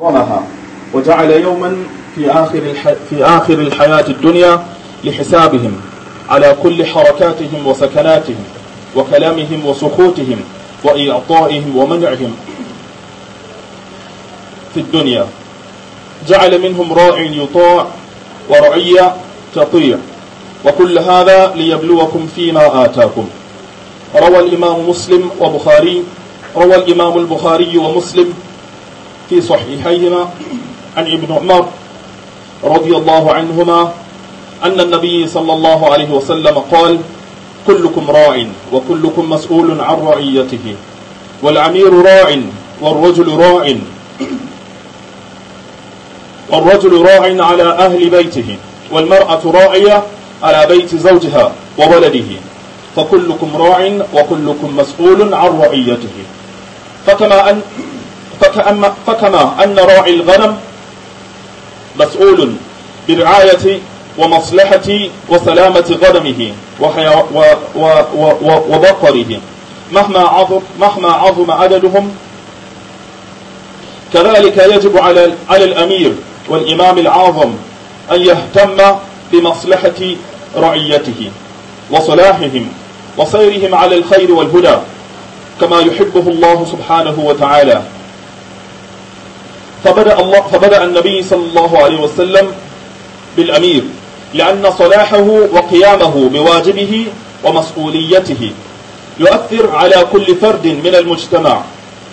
ظنها وجعل يوما في آخر, الح... في آخر الحياة الدنيا لحسابهم على كل حركاتهم وسكناتهم وكلامهم وسخوتهم وإعطائهم ومنعهم في الدنيا جعل منهم راع يطاع ورعية تطيع وكل هذا ليبلوكم فيما آتاكم روى الإمام مسلم وبخاري روى الإمام البخاري ومسلم في صحيحيهما عن ابن عمر رضي الله عنهما أن النبي صلى الله عليه وسلم قال كلكم راع وكلكم مسؤول عن رعيته والعمير راع والرجل راع والرجل راع على أهل بيته والمرأة راعية على بيت زوجها وولده فكلكم راع وكلكم مسؤول عن رعيته فكما أن فكأن فكما أن راعي الغنم مسؤول برعاية ومصلحة وسلامة غنمه وبقره مهما عظم مهما عظم عددهم كذلك يجب على على الأمير والإمام العظم أن يهتم بمصلحة رعيته وصلاحهم وسيرهم على الخير والهدى كما يحبه الله سبحانه وتعالى فبدأ, الله فبدأ النبي صلى الله عليه وسلم بالأمير لأن صلاحه وقيامه بواجبه ومسؤوليته يؤثر على كل فرد من المجتمع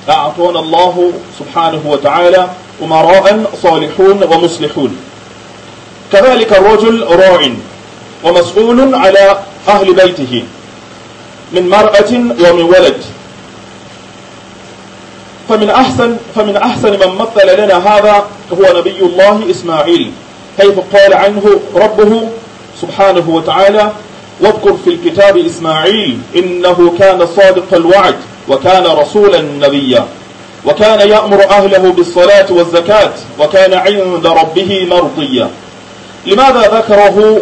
أعطونا الله سبحانه وتعالى أمراء صالحون ومصلحون كذلك الرجل راع ومسؤول على أهل بيته من مرأة ومن ولد فمن أحسن فمن أحسن من مثل لنا هذا هو نبي الله إسماعيل حيث قال عنه ربه سبحانه وتعالى واذكر في الكتاب إسماعيل إنه كان صادق الوعد وكان رسولا نبيا وكان يأمر أهله بالصلاة والزكاة وكان عند ربه مرضيا لماذا ذكره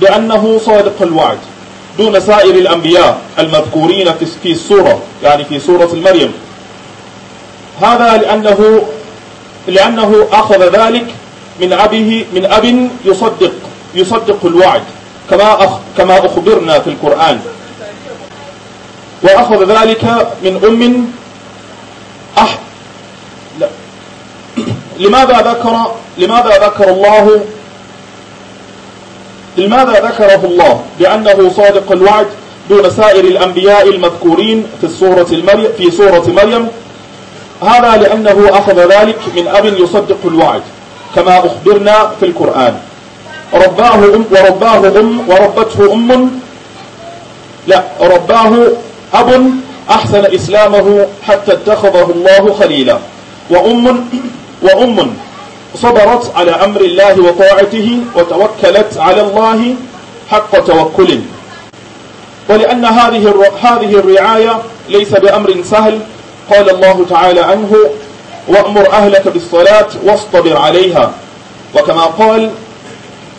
بأنه صادق الوعد دون سائر الأنبياء المذكورين في السورة يعني في سورة المريم هذا لأنه لأنه أخذ ذلك من أبيه من أب يصدق يصدق الوعد كما أخ كما أخبرنا في القرآن وأخذ ذلك من أم أح لا. لماذا ذكر لماذا ذكر الله لماذا ذكره الله بأنه صادق الوعد دون سائر الأنبياء المذكورين في سورة في سورة مريم هذا لأنه أخذ ذلك من أب يصدق الوعد كما أخبرنا في القرآن رباه أم ورباه أم وربته أم لا رباه أب أحسن إسلامه حتى اتخذه الله خليلا وأم وأم صبرت على أمر الله وطاعته وتوكلت على الله حق توكل ولأن هذه هذه الرعاية ليس بأمر سهل قال الله تعالى عنه وأمر أهلك بالصلاة واصطبر عليها وكما قال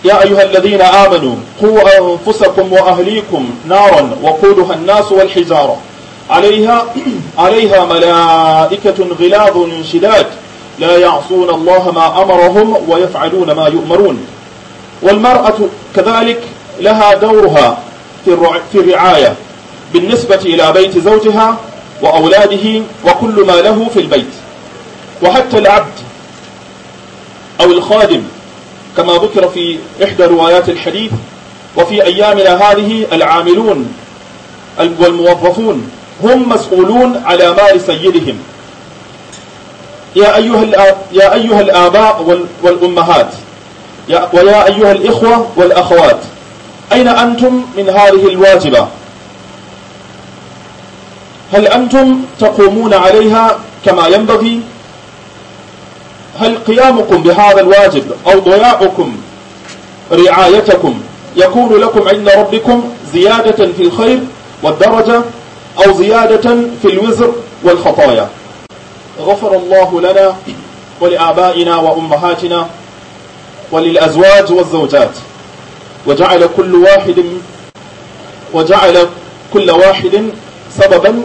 يا أيها الذين آمنوا قوا أنفسكم وأهليكم نارا وقودها الناس والحجارة عليها عليها ملائكة غلاظ شداد لا يعصون الله ما أمرهم ويفعلون ما يؤمرون والمرأة كذلك لها دورها في الرعاية بالنسبة إلى بيت زوجها وأولاده وكل ما له في البيت وحتى العبد أو الخادم كما ذكر في إحدى روايات الحديث وفي أيامنا هذه العاملون والموظفون هم مسؤولون على مال سيدهم يا أيها, يا أيها الآباء والأمهات ويا أيها الإخوة والأخوات أين أنتم من هذه الواجبة هل أنتم تقومون عليها كما ينبغي هل قيامكم بهذا الواجب أو ضياعكم رعايتكم يكون لكم عند ربكم زيادة في الخير والدرجة أو زيادة في الوزر والخطايا غفر الله لنا ولآبائنا وأمهاتنا وللأزواج والزوجات وجعل كل واحد وجعل كل واحد سببا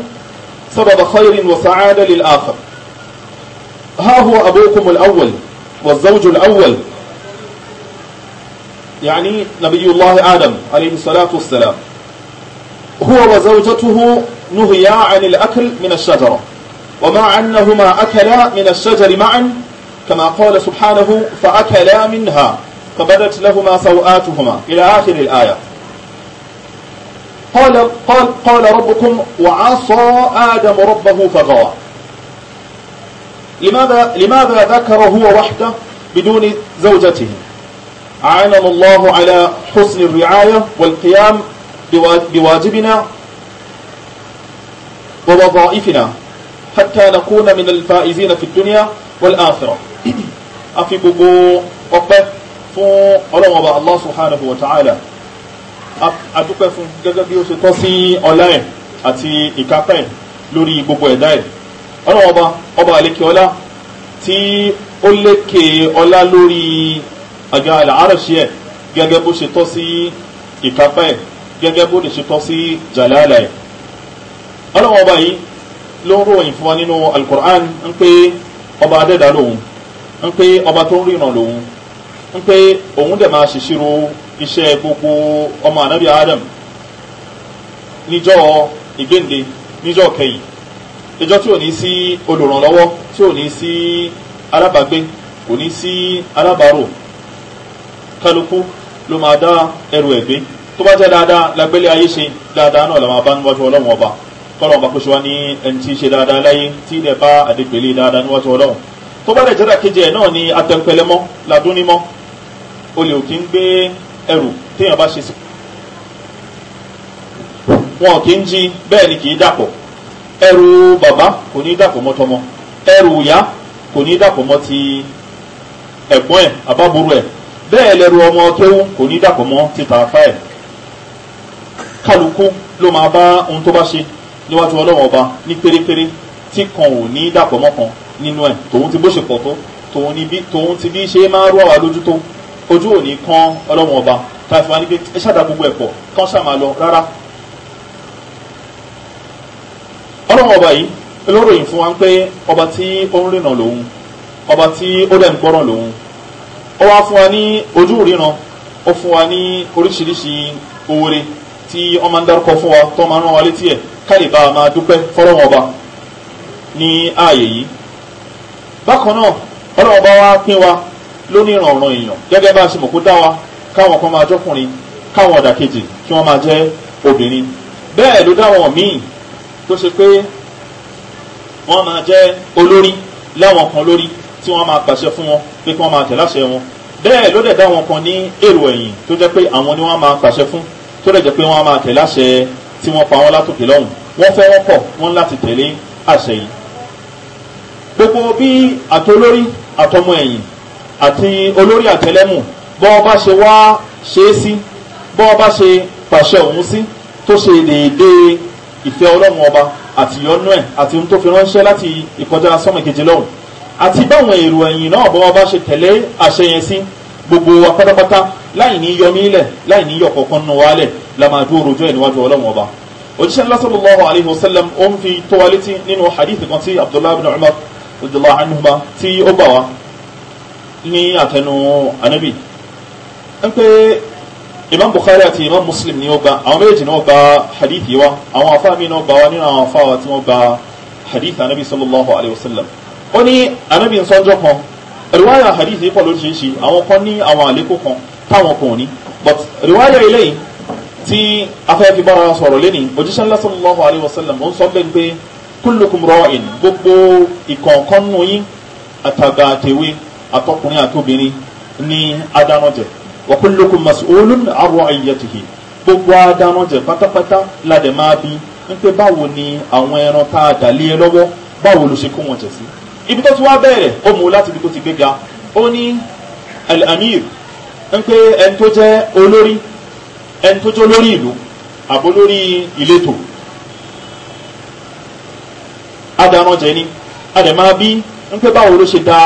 سبب خير وسعادة للآخر ها هو أبوكم الأول والزوج الأول يعني نبي الله آدم عليه الصلاة والسلام هو وزوجته نهيا عن الأكل من الشجرة ومع أنهما أكلا من الشجر معا كما قال سبحانه فأكلا منها فبدت لهما سوآتهما إلى آخر الآية قال قال قال ربكم وعصى آدم ربه فغوى لماذا لماذا ذكر هو وحده بدون زوجته أعاننا الله على حسن الرعاية والقيام بواجبنا ووظائفنا حتى نكون من الفائزين في الدنيا والآخرة أفقوا وقف فو الله سبحانه وتعالى adúpẹ́ fún gẹ́gẹ́ bí ó ṣe tọ́ sí ọlá ẹ̀ àti ìkápá ẹ̀ lórí gbogbo ẹ̀dá ẹ̀ ọlọ́wọ́ ọba ọba àlékè ọlá tí ó lékè ọlá lórí àga àlàárẹ̀ṣẹ́ ẹ̀ gẹ́gẹ́ bó ṣe tọ́ sí ìkápá ẹ̀ gẹ́gẹ́ bó ṣe tọ́ sí jàlálà ẹ̀ ọlọ́wọ́ ọba yìí ló ń ròyìn fún wa nínú alukur'an ń pé ọba adẹ́dàá lòun ń pé ọba tó ń ríran lòun ń pé òun dẹ̀ máa ṣèṣirò iṣẹ́ gbogbo ọmọ ànábì Adam níjọ́ ìgbéǹde níjọ́ kẹyìn ìjọ́ tí ò ní sí olùrànlọ́wọ́ tí ò ní sí alábàágbé kò ní sí alábàárò kálukú ló máa dá ẹrù ẹ̀gbé tó bá jẹ́ dáadáa lágbélé ayé ṣe dáadáa náà làwọn bá níwájú ọlọ́run ọba kọ́lọ́run bá kó ṣe wá ní ẹni tí ń ṣe dáadáa láyé tí ilẹ̀ bá àdégbèlé dáadáa níwájú ọlọ́run tó bá dẹ̀ jẹ́dà kejì ẹ̀ náà ni atẹ̀pẹ̀lẹ́mọ́ ladúnímọ́ olè òkín gbé ẹrù téèyàn bá ṣe sí. wọn kì í jí bẹ́ẹ̀ ni kì í dàpọ̀ ẹrù bàbá kò ní dàpọ̀ mọ́ tọmọ ẹrù ìyá kò ní dàpọ̀ mọ́ ti ẹ̀gbọ́n ẹ̀ àbábúrò ẹ̀ bẹ́ẹ̀ lẹ́rù ọmọ kéwú kò ní dàpọ̀ mọ́ ti tààfà ẹ̀ kálukú ló máa bá ohun tó bá ṣe níwájú ọlọ́wọ́n ọba ní pérépéré tí kan ò ní dàpọ̀ mọ́ kan nínú ẹ̀ tòun ti bó ṣe pọ̀ tó tòun ti bí ṣe máa rú àwa lójú tó ojú òní kan ọlọ́wọ́n ọba káfíńwá ní pé ẹ ṣáàdá gbogbo ẹ̀pọ̀ kán ṣàmà lọ rárá ọlọ́wọ́n ọba yìí olóròyìn fún wa pé ọba tí ó ń rìnà lòun ọba tí ó dẹ̀ ń gbọ́ràn lòun ó wá fún wa ní ojú ríran ó fún wa ní oríṣiríṣi oore tí wọ́n máa ń dárúkọ fún wa tó máa ń rán wa létí ẹ̀ káàlì bá a máa dúpẹ́ fọ́lọ́wọ́n ọba ní ààyè yìí bákan náà ọlọ́wọ́n ọba wa pín wa lóní ìrànràn èèyàn gẹ́gẹ́ bá a ṣe mọ̀ kó dá wa káwọn kan máa jọ́kùnrin káwọn ọ̀dà kejì kí wọ́n máa jẹ́ obìnrin bẹ́ẹ̀ ló dáwọn míì tó ṣe pé wọ́n máa jẹ́ olórí láwọn kan lórí tí wọ́n máa pàṣẹ fún wọn pé kí wọ́n máa tẹ̀ láṣẹ wọn bẹ́ẹ̀ ló dẹ̀ dáwọn kan ní èrò ẹ̀yìn tó jẹ́ pé àwọn ni wọ́n máa pàṣẹ fún tó dẹ̀ jẹ́ pé wọ́n máa tẹ̀ tí wọ́n pa wọ́n látòkè lọ́hùn wọ́n fẹ́ wọ́n pọ̀ wọ́n láti tẹ̀lé àṣẹ yìí gbogbo bí àtolórí àtọmọ ẹ̀yìn àti olórí àtẹlẹ́mù bọ́ọ̀ bá ṣe wá ṣe é sí bọ́ọ̀ bá ṣe pàṣẹ òun sí tó ṣe déédéé ìfẹ́ ọlọ́run ọba àti yọnú ẹ̀ àti ohun tó fi ránṣẹ́ láti ìkọjá sọ́mọ kejì lọ́hùn àti báwọn èrò ẹ̀yìn náà bọ́ọ̀ bá ṣe tẹ̀lé àṣẹ yẹn sí gbogbo wa pátápátá láì ní yọ nílẹ̀ láì ní yọ kọ̀ọ̀kan nù wálẹ̀ la máa dúró rojọ́ ẹ̀ níwájú ọlọ́run ọba òjíṣẹ́ ńlá sallallahu alayhi wa ó ń fi tó wa létí nínú hadith kan tí abdullahi bin umar radiyallahu anhuma tí ó gbà wá ní àtẹnu anabi ń pé imam bukhari àti imam muslim ni ó gba àwọn méjèèjì náà gba hadithi wa àwọn afa mi náà gba wa nínú àwọn afa wa tí wọ́n gba hadith anabi sallallahu alayhi wa sallam ó ní anabi ń sọ́jọ́ kan riwaya hadith yìí pọ̀ lóríṣiríṣi àwọn kan ní àwọn àlékún kan táwọn kò ní but riwaya eléyìí tí afẹ́ fi bára sọ̀rọ̀ lẹ́ni òjíṣẹ́ ńlá sallallahu alayhi wa sallam ó ń sọ bẹ́ẹ̀ pé kullukum ra'in gbogbo ìkọ̀ọ̀kan nù yín àtàgbà àtẹ̀wé àtọkùnrin àtobìnrin ní adánájẹ wa kullukum mas'ulun an ra'iyatihi gbogbo adánájẹ pátápátá ládẹ máa bí ń pé báwo ni àwọn ẹran tá a dà lé ẹ lọ́wọ́ báwo ló ṣe kó wọn jẹ sí ibi tó ti wá bẹ̀rẹ̀ ó mú láti ibi tó ti gbéga ó ní al-amir ń ẹni tó jẹ́ olórí ẹni tó jẹ́ olórí ìlú àbó lórí ìletò adarànjẹ ni adẹ̀ máa bí ń báwo ló ṣe da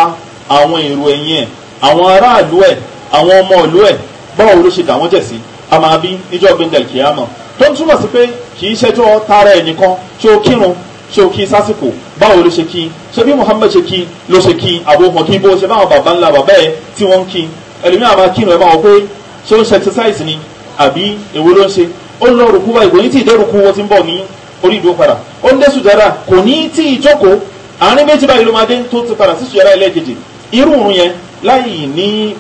àwọn èrò ẹ̀yìn ẹ̀ àwọn aráàlú ẹ̀ àwọn ọmọ ìlú ẹ̀ báwo ló ṣe dà wọ́n jẹ̀ sí a máa bí níjọ́ gbẹ̀ngàn kìámọ̀ tó ń túmọ̀ sí pé kì í ṣẹjọ́ tara ẹ̀ nìkan ṣé o kírun ṣé o kí sásìkò báwo ló ṣe kí ṣé bí Muhammad ṣe kí ló ṣe kí àbòhàn kí bó ṣe báwọn bàbá ńlá bàbá ẹ tí wọ́n ń kí ẹlòmíràn máa kírun ẹ máa pé ṣé ó ń ṣe exercise ni àbí èwo ló ń ṣe ó ń lọ rùkú wa ìgbóyín tí ìdẹ́rùkú wọn ti ń bọ̀ ní orí ìdúró padà ó ń dé sùjára kò ní tí ìjókòó àárín méjì báyìí ló máa dé tó ti padà sí sùjára ẹlẹ́ẹ̀kejì irú òun yẹn láì ní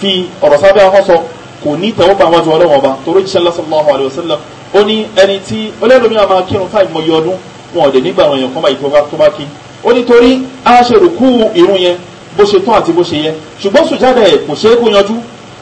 fi ọ̀rọ̀ sábẹ́ ahọ́sọ kò ní tẹ̀wọ́ bá wọn ju ọlọ́wọ́n ọba torí jíṣẹ́ sallallahu alaihi wasallam ó ní ẹni tí olóòlómi àmà kírun fáì mọ iye ọdún wọn ò dé nígbà àwọn èèyàn kan báyìí tó bá kí ó ní torí a ṣe rùkú irun yẹn bó ṣe tán àti bó ṣe yẹ ṣùgbọ́n sùjáde ẹ̀ kò ṣeé kó yanjú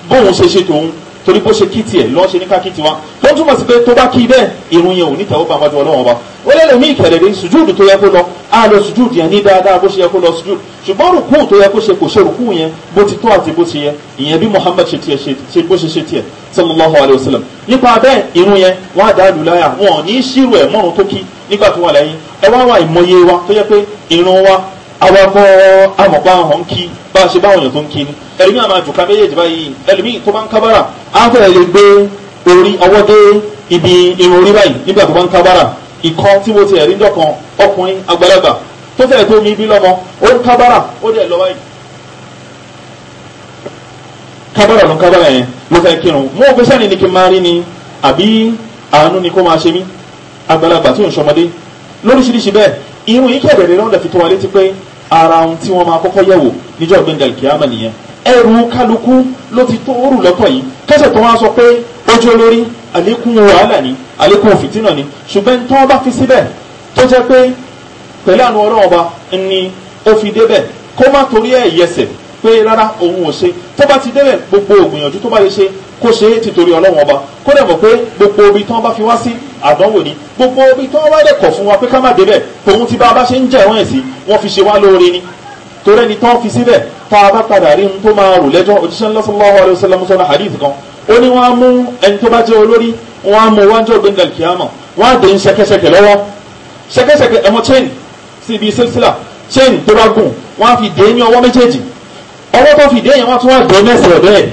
bóun ṣe ṣe tòun torí bó ṣe kí tiẹ̀ lọ́n ṣe ní ká kí tó ń túmọ̀ sí pé tó bá kí bẹ́ẹ̀ irun yẹn ò ní tẹ̀wọ́ bá wájú ọlọ́wọ́n ọba ó lẹ́nu sùjúùdù tó yẹ kó lọ á lọ sùjúùdù yẹn ní dáadáa bó ṣe yẹ kó lọ sùjúùdù ṣùgbọ́n rùkú tó yẹ kó ṣe kò ṣe rùkú yẹn bó ti tó àti bó ti yẹ ìyẹn bí Muhammad ṣe tiẹ̀ ṣe bó ṣe ṣe tiẹ̀ sallallahu alayhi wa sallam nípa bẹ́ẹ̀ irun yẹn wọ́n á dá lù láyà wọn ò ní ṣírò ẹ̀ mọ́run tó kí nígbà tó wà lẹ́yìn ẹ wá wá ìmọye wa tó yẹ pé irun wa awakọ̀ amọ̀pá hàn kí bá a ṣe báwọn èèyàn tó ń kí ni ẹlòmíì àmà jùkà méjèèjì báyìí ẹlòmíì tó bá ń kábàrà á fẹ́rẹ̀ lè gbé orí ọwọ́ dé ibi irun orí tí mo ti ẹ̀rí dọ̀kan ọkùnrin àgbàlagbà tó fẹ́ẹ̀ tó mi bí lọ́mọ ó ń kábàrà ó dẹ̀ lọ́wọ́ yìí kábàrà ló ń kábàrà yẹn ló fẹ́ kírun mú òfin sẹ́ni ni kí n máa rí ni àbí àánú ni kó máa ṣe mí àgbàlagbà tí ò ń ṣọmọdé lóríṣiríṣi bẹ́ẹ̀ irun yìí kẹ̀bẹ̀rẹ̀ lọ́dọ̀ fi tó wa létí pé ara ohun tí wọ́n máa kọ́kọ́ yẹ̀wò níjọ́ gbẹ̀ngàn kìámà nìyẹn ẹrù kálukú ló ti tó òrù lọ́tọ̀ yìí kẹsẹ̀ tó wá sọ pé ojú olórí àlékún wàhálà ni àlékún fìtínà ni ṣùgbọ́n tó bá fi síbẹ̀ tó jẹ́ pé pẹ̀lú àánú ọlọ́run ni ó fi débẹ̀ kó má torí ẹ̀ yẹsẹ̀ pé rárá òun ò ṣe tó bá ti débẹ̀ gbogbo ògbìyànjú tó bá lè ṣe kó ṣe é tìtorí ọlọ́run ọba kó dẹ̀ mọ̀ pé gbogbo ibi tán bá fi wá sí àdánwò ni gbogbo ibi tán wá dẹ̀ kọ̀ fún wa pé ká má débẹ̀ tòun ti bá a bá ṣe ń jẹ́ ẹ̀wọ̀n ẹ̀sìn wọ́n fi ṣe wá lóore ni torí ẹni tán fi síbẹ̀ tá a bá padà rí ohun tó máa rò lẹ́jọ́ òjíṣẹ́ ńlá sallallahu alaihi síbi sílsílà chain tó bá gùn wọ́n á fi dé ní ọwọ́ méjèèjì ọwọ́ tó fi dé yẹn wọ́n tún wá dé mẹ́sẹ̀ ọ̀dọ́ ẹ̀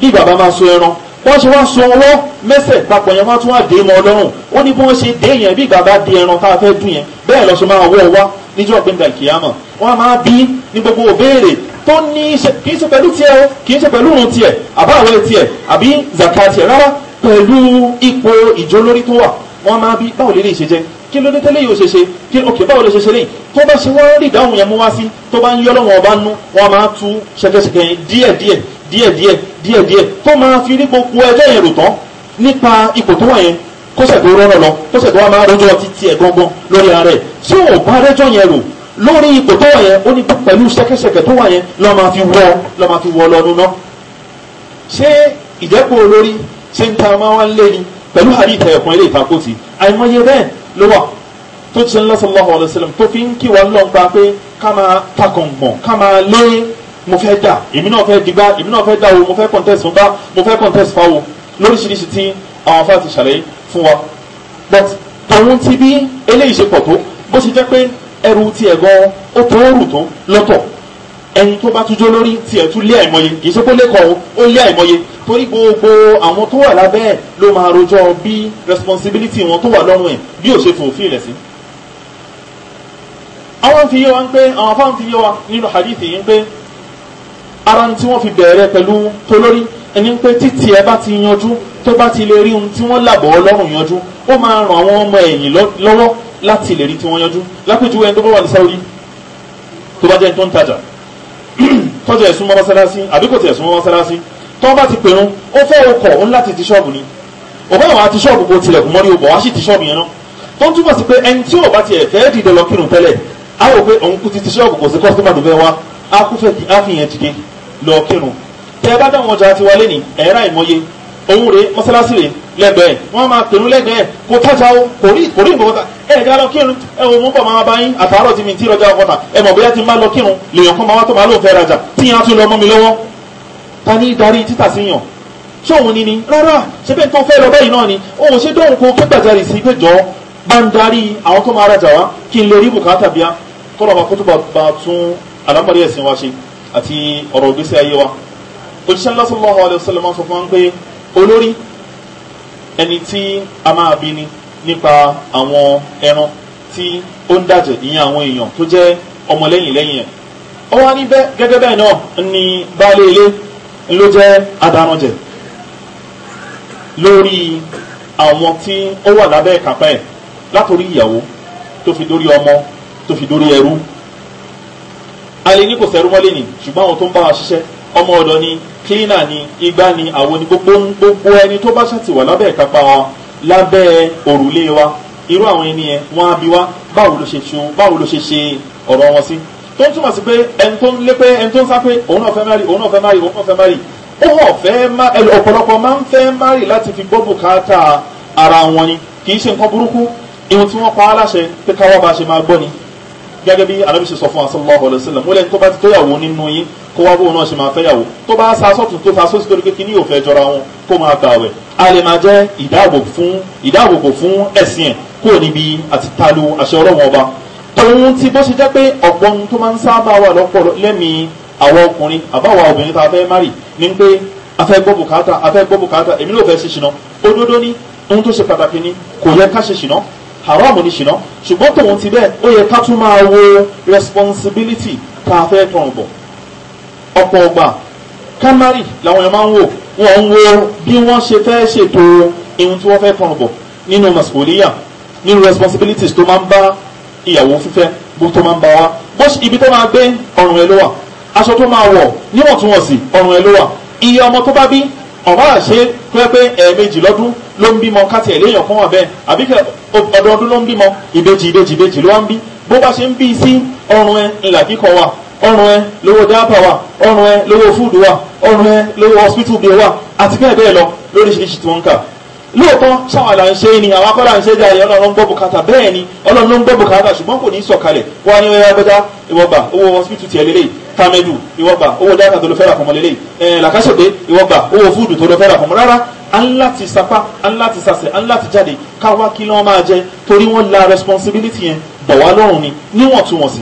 bí bàbá máa so ẹran wọ́n ṣe wá so ọwọ́ mẹ́sẹ̀ papọ̀ yẹn wọ́n tún wá dé mọ́ ọlọ́run wọ́n ní bí wọ́n ṣe dé yẹn bí bàbá dé ẹran tá a fẹ́ dùn yẹn bẹ́ẹ̀ lọ́sọ máa wọ́ ọwá níjọ́ gbẹ̀ngà kìámọ̀ wọ́n á máa bí ní gbogbo òbéèrè tó ní í ṣe kì í ṣe pẹ̀lú tiẹ̀ o kì í ṣe pẹ̀lú òun tiẹ̀ àbá àwọn tiẹ̀ àbí zakati rárá pẹ̀lú ipò ìjólórí tó wà wọ́n máa bí báwo lè lè ṣe jẹ́ kí ló dé tẹ́lẹ̀ yóò ṣe ṣe kí òkè báwo ló ṣe ṣe lẹ́yìn tó bá ṣe wọ́n rí ìdáhùn yẹn mú wá sí tó bá ń yọ lọ́wọ́ ọba nú wọn máa tú ṣẹkẹṣẹkẹ yẹn díẹ̀díẹ̀ díẹ̀díẹ̀ díẹ̀díẹ̀ tó máa fi rí gbogbo ẹjọ́ yẹn rò tán nípa ipò tó wà yẹn kóṣẹ̀ tó rọ́rọ̀ lọ kóṣẹ̀ tó wà máa rọjọ́ títí ẹ̀ gangan lórí ara ẹ̀ tí ò bá rẹ́jọ́ yẹn rò lórí ipò tó wà yẹn ó ní pẹ̀lú ṣẹkẹṣẹkẹ tó wà yẹn lọ́ máa fi wọ́ lọ́ máa fi wọ́ ló wà tó ti ń lọ sallallahu alaihi wasallam tó fi ń kí wa lọ́n pa pé ká máa takọ̀ǹgbọ̀n ká máa lé mo fẹ́ dà èmi náà fẹ́ digbá èmi náà fẹ́ dà o mo fẹ́ contest fún bá mo fẹ́ contest fáwo lóríṣiríṣi tí àwọn afá ti ṣàlàyé fún wa but tòun ti bí eléyìí ṣe pọ̀ tó bó ṣe jẹ́ pé ẹrù ti ẹ̀gàn ó tó rù tó lọ́tọ̀ ẹni tó bá tún jó lórí tiẹ̀ tún lé àìmọye kì í ṣe kó lẹ́kọ̀ọ́ ó lé àìmọye torí gbogbo àwọn tó wà lábẹ́ ẹ̀ ló máa rojọ́ bí responsibility wọn tó wà lọ́rùn ẹ̀ bí ò ṣe fòfin rẹ̀ sí. àwọn fi yé wa ń pé àwọn afáwọn fi yé wa nínú hadith yìí ń pé ara tí wọ́n fi bẹ̀rẹ̀ pẹ̀lú tolórí ẹni ń pé títí ẹ bá ti yanjú tó bá ti lè rí ohun tí wọ́n làbọ̀ ọlọ́run yanjú ó máa ràn àwọn ọmọ ẹ̀yìn lọ́wọ́ láti lè rí tí wọ́n yanjú lápèjúwe ẹni tó bá wà ní sáwọ́rí tó bá jẹ́ ẹni tó ń tajà tọ́jà ẹ̀sùn mọ́ mọ́sálásí àbí kò tiẹ̀ sún mọ́ mọ́sálásí tó bá ti pèrún ó fẹ́ okọ̀ ó ń láti ti ṣọ́ọ̀bù ni ọba àwọn àti ṣọ́ọ̀bù kò tilẹ̀kùn mọ́rí ọbọ̀ wá sì ti ṣọ́ọ̀bù yẹn náà tó ń túmọ̀ sí pé ẹni tí ò bá tiẹ̀ fẹ́ dìde lọ kírun tẹ́lẹ̀ á wò pé òun kú ti ti ṣọ́ọ̀bù kò sí kọ́sítọ́mà tó fẹ́ wá á kú fẹ́ kí á fi yẹn dìde lọ kírun tẹ ẹ bá dáwọn ọjà ti wálé ní ẹ̀rá ìmọye òun rèé mọ́sálásí rèé lẹ́gbẹ̀ẹ́ wọ́n máa pèrún lẹ́gbẹ̀ẹ́ kò tájà o kò rí kò rí nǹkan ẹ̀ẹ́dá lọ kírun ẹ̀wọ̀n mú bọ̀ máa bá yín àtàárọ̀ tí mi ti rọjá ọkọ̀tà ẹ̀mọ̀ bóyá ti máa lọ kírun lèèyàn kan máa wá tó máa lóun fẹ́ rajà tí yẹn á tún lọ mọ́ mi lọ́wọ́ ta ní darí títà sí yàn ṣé òun ni ni rárá ṣé bẹ́ẹ̀ tó fẹ́ lọ báyìí náà ni òun ṣe dóhùn kó ké gbàjarì sí pé jọ bá ń darí àwọn tó máa rajà wá kí n lè rí bùkátà bíá kọ́lọ̀ máa kó tó bá tún àlámọ̀rí ẹ̀sìn wa ṣe àti ọ̀rọ̀ ògbésí ayé wa òjíṣẹ́ ńlá sallallahu alaihi wasallam sọ fún wa pé olórí ẹni tí a máa bí ni nípa àwọn ẹran tí ó ń dàjẹ̀ ìyẹn àwọn èèyàn tó jẹ́ ọmọlẹ́yìn lẹ́yìn ẹ̀ ó wá ní gẹ́gẹ́ bẹ́ẹ̀ náà ni baálé ilé ló jẹ́ adaranjẹ lórí àwọn tí ó wà lábẹ́ ìkápá ẹ̀ látòrí ìyàwó tó fi dórí ọmọ tó fi dórí ẹrú alẹ́ ní kò sẹ́rú mọ́lé ni ṣùgbọ́n àwọn tó ń bá wa ṣiṣẹ́ ọmọ ọ̀dọ̀ ni cleaner ni igbá ni àwo ni gbogbo gbogbo ẹni tó bá ṣàtìwà lábẹ́ ìkápá wa lábẹ́ òrùlé wa irú àwọn ẹni yẹn wọ́n á bi wá báwo ló ṣe ṣun báwo ló ṣe ṣe ọ̀rọ̀ wọn sí tó ń túmọ̀ sí pé ẹni tó ń lépé ẹni tó ń sá pé òun náà fẹ́ márì òun náà fẹ́ márì òun náà fẹ́ márì ó hàn fẹ́ má ọ̀pọ̀lọpọ̀ máa ń fẹ́ márì láti fi gbọ́ bùkátà ara wọn ni kì í ṣe nǹkan burúkú ihun tí wọ́n pa á láṣẹ pé káwọ́ bá ṣe máa gbọ́ ni gẹ́gẹ́ bí alábìṣe sọ fún wa sallallahu lẹ́ni tó bá ti tóyàwó nínú yín kó wá bóun náà ṣe máa fẹ́yàwó tó bá sa sọ́tún tó fa sósì torí pé kí ní òfẹ́ jọra wọn kó máa gbà wẹ̀ a lè máa jẹ́ ìdáàbòbò fún ẹ̀sìn ẹ̀ kúrò níbi àti talo àṣẹ ọlọ́wọ́n ọba tòun ti bó ṣe jẹ́ pé ọ̀gbọ́n tó máa ń sábà wà lọ́pọ̀ lẹ́mìí àwọn ọkùnrin àbáwọ̀ obìnrin tá a fẹ́ márì ní pé afẹ́ gbọ́ bùkátà afẹ́ gbọ́ bùkátà èmi ló fẹ́ ṣe ṣìnà òdodo ni ohun tó ṣe pàtàkì ni kò yẹ ká ṣe ṣìnà haram ni ṣìnà ṣùgbọ́n tòun ti bẹ́ẹ̀ ó yẹ ká tún máa wo responsibility tá a fẹ́ tọrùn bọ̀ ọ̀pọ̀ ọgbà kámárì làwọn yẹn máa ń wò wọ́n ń wo bí wọ́n ṣe fẹ́ ṣètò ihun tí wọ́n fẹ́ fọ̀rùn bọ̀ nínú masuliya nínú responsibilities tó máa ń bá ìyàwó fífẹ́ bó tó máa ń bá wa bó ibi tó máa gbé ọrùn ẹ ló wà aṣọ tó máa wọ̀ níwọ̀ntúnwọ̀nsì ọrùn ẹ ló wà iye ọmọ tó bá bí ọba àṣe pé pé ẹ̀ẹ̀mejì lọ́dún ló ń bímọ káti ẹ̀ léèyàn kan wà bẹ́ẹ̀ àbí ọdọọdún ló ń bímọ ìbejì ìbejì ìbejì ló wá ń bí bó bá ṣe ń bí sí ọrùn ẹ ńlá kíkọ wà ọrùn ẹ lówó dáàpà wà ọrùn ẹ lówó fúdù wà ọrùn ẹ lówó hospital bill wà àti bẹ́ẹ̀ bẹ́ẹ̀ lọ lóríṣiríṣi tí wọ́n ń kà lóòótọ́ sáwọn là ṣe ni àwọn akọ́là ń ṣe jáde ọlọ́run ló ń gbọ́ bùkátà bẹ́ẹ̀ ni ọlọ́run ló ń gbọ́ bùkátà ṣùgbọ́n kò ní í sọ̀kalẹ̀ wá ní ọyọ́ abẹ́dá ìwọ́gbà owó hospital tiẹ̀ lélẹ̀ tamẹ́dù ìwọ́gbà owó dáàtà tó lọ fẹ́ rà fọmọ lélẹ̀ ẹ̀ làkàṣọ̀dé ìwọ́gbà owó fúdù tó lọ fẹ́ fọmọ rárá aláti sapá aláti sàṣẹ aláti jáde káwá kí lọ́n máa jẹ torí wọ́n la responsibility yẹn bọ̀ wá lọ́rùn ni níwọ̀ntúnwọ̀nsì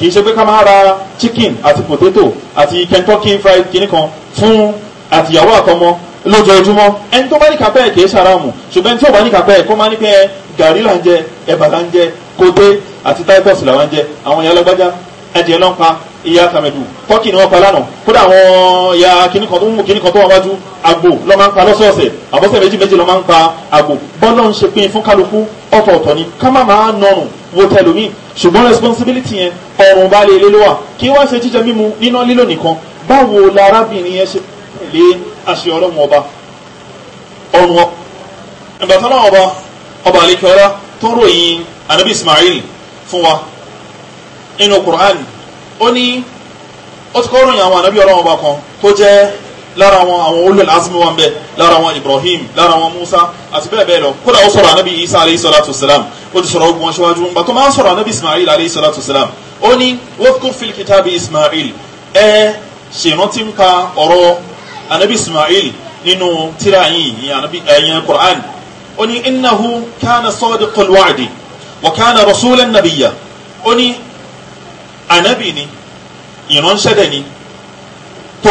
kì í ṣe pé ká máa ra chicken àti potato àti kentucky fried kìíní kan fún àtìyàwó àtọmọ lójoojúmọ́ ẹni tó bá ní kápẹ́ ẹ̀ kì í ṣàràmù ṣùgbọ́n tí ò bá ní kápẹ́ ẹ̀ kó máa ní pé gàrí là ń jẹ ẹ̀bà là ń jẹ kòdé àti typhus là ń jẹ àwọn ìyá lọ́gbájá ẹ̀dìẹ̀ ló pa ìyá kàmẹ̀dù tọ́kì ni wọ́n pa lánàá kódà àwọn ìyá kìíní kan tó ń mú kìíní kan tó wà wájú àgbò ló máa ń pa lọ́sọ̀ọ̀sẹ̀ àbọ̀sẹ̀ méjì méjì ló máa ń pa àgbò bọ́lọ́ ń ṣe pín fún kálukú ọ̀tọ̀ọ̀tọ̀ ni ká má máa nọrùn wo ṣùgbọ́n responsibility yẹn ọ̀rùn bá lè lé ló wà kí wá ṣe jíjẹ mímu níná lílò nìkan báwo larábìnrin yẹn ṣe lé àṣẹ ọlọ́run ọba ọ̀rùn ìgbà tó ọba ọba àlekẹ́ọ́lá tó ròyìn anabi Ismail fún wa nínú Qur'an ó ní ó ti kọ́ ròyìn àwọn anabi ọlọ́run ọba kan tó jẹ́ lára wọn àwọn olùlọ azmi wọn bẹ lára wọn Ibrahim lára wọn Musa àti bẹ́ẹ̀ bẹ́ẹ̀ lọ kódà ó sọ̀rọ̀ anabi Isa aleyhi salatu salam ó ti sọ̀rọ̀ ogun wọn ṣíwájú nígbà tó máa ń sọ̀rọ̀ anabi Ismail aleyhi salatu salam ó ní wọ́pọ̀ fil kitabi Ismail ẹ ṣèrántí ń pa ọ̀rọ̀ anabi Ismail nínú tírà yìí ẹ̀yìn Qur'an ó ní innahu kana sadiqul wa'di wa kana rasulan nabiyya ó ní anabi ni ìránṣẹ́ ni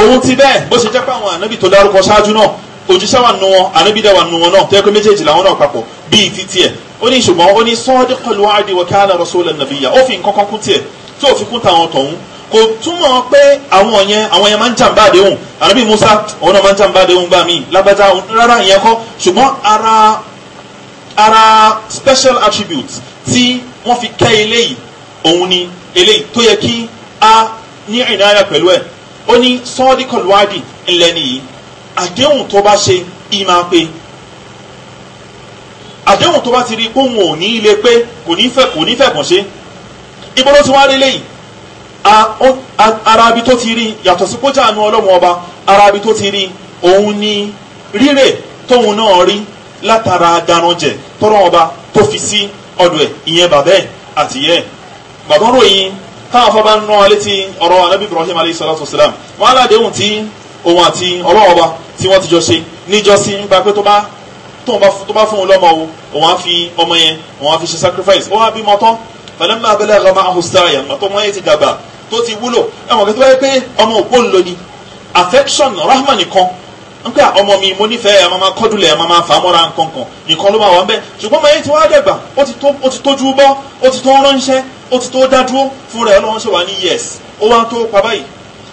òun ti bẹ́ẹ̀ bó ṣe jẹ́ pé àwọn ànábì tó dárúkọ ṣáájú náà òjíṣẹ́ wà nù wọn ànábì dẹ̀ wà nù wọn náà tẹ́ méjèèjì làwọn náà papọ̀ bíi ti tiẹ̀ ó ní ṣùgbọ́n ó ní sadiqul wa'di wa kana rasulan nabiyya ó fi nǹkan kan kún tiẹ̀ tí ò fi kún tàwọn tọ̀hún kò túmọ̀ pé àwọn yẹn àwọn yẹn máa ń jàǹbá àdéhùn ànábì Musa òun náà máa ń jàǹbá àdéhùn gbà mí lágbájá rárá ìyẹn kọ́ ṣùgbọ́n ara ara special attribute tí wọ́n fi kẹ́ eléyìí òun ni eléyìí tó yẹ kí a ní ìnáyà pẹ̀lú ẹ̀ ó ní sọ́ọ́dí kọlùwádìí ńlẹ̀ nìyí àdéhùn tó bá ṣe ìmọ̀ pé àdéhùn tó bá ti rí pé òun ò ní ilé pé kò ní fẹ́ kò ní fẹ́ kàn ṣe ibo ló ti wá rí léyìí arabi tó ti rí yàtọ̀ sí kójà àánú ọlọ́run ọba arabi tó ti rí òun ni rírè tóun náà rí látara daranjẹ tọrọ ọba tó fi sí ọ̀dọ̀ ẹ̀ ìyẹn bàbá ẹ̀ àtìyẹ bàbá ròyìn táwọn afọ bá ń rán wa létí ọ̀rọ̀ anabi ibrahim alayhi salatu wasalam wọn aládéhùn tí òun àti ọlọ́wọ́ ọba tí wọ́n ti jọ ṣe níjọ́sí nípa pé tó bá tó bá fún un lọ́mọ o òun á fi ọmọ yẹn òun á fi ṣe sacrifice ó wá bímọ tán falamma balagha ma'ahu as-sa'ya àtọ́ ọmọ yẹn ti dàgbà tó ti wúlò ẹ̀wọ̀n kí tó bá yẹ pé ọmọ òpó ńlọ ni affection rahma nìkan n pé ọmọ mi mo nífẹ̀ẹ́ ẹ̀ máa kọ́dúlẹ̀ ẹ̀ máa fà á mọ́ra nǹkan kan nìkan ló máa wà ń bẹ́ẹ̀ ṣùgbọ́n ọmọ ti wá dàgbà ó ti tójú bọ́ ó ti tó ránṣẹ́ ó ti tó dá fún rẹ̀ ọlọ́run ṣe wà ní yes ó wá tó pa báyìí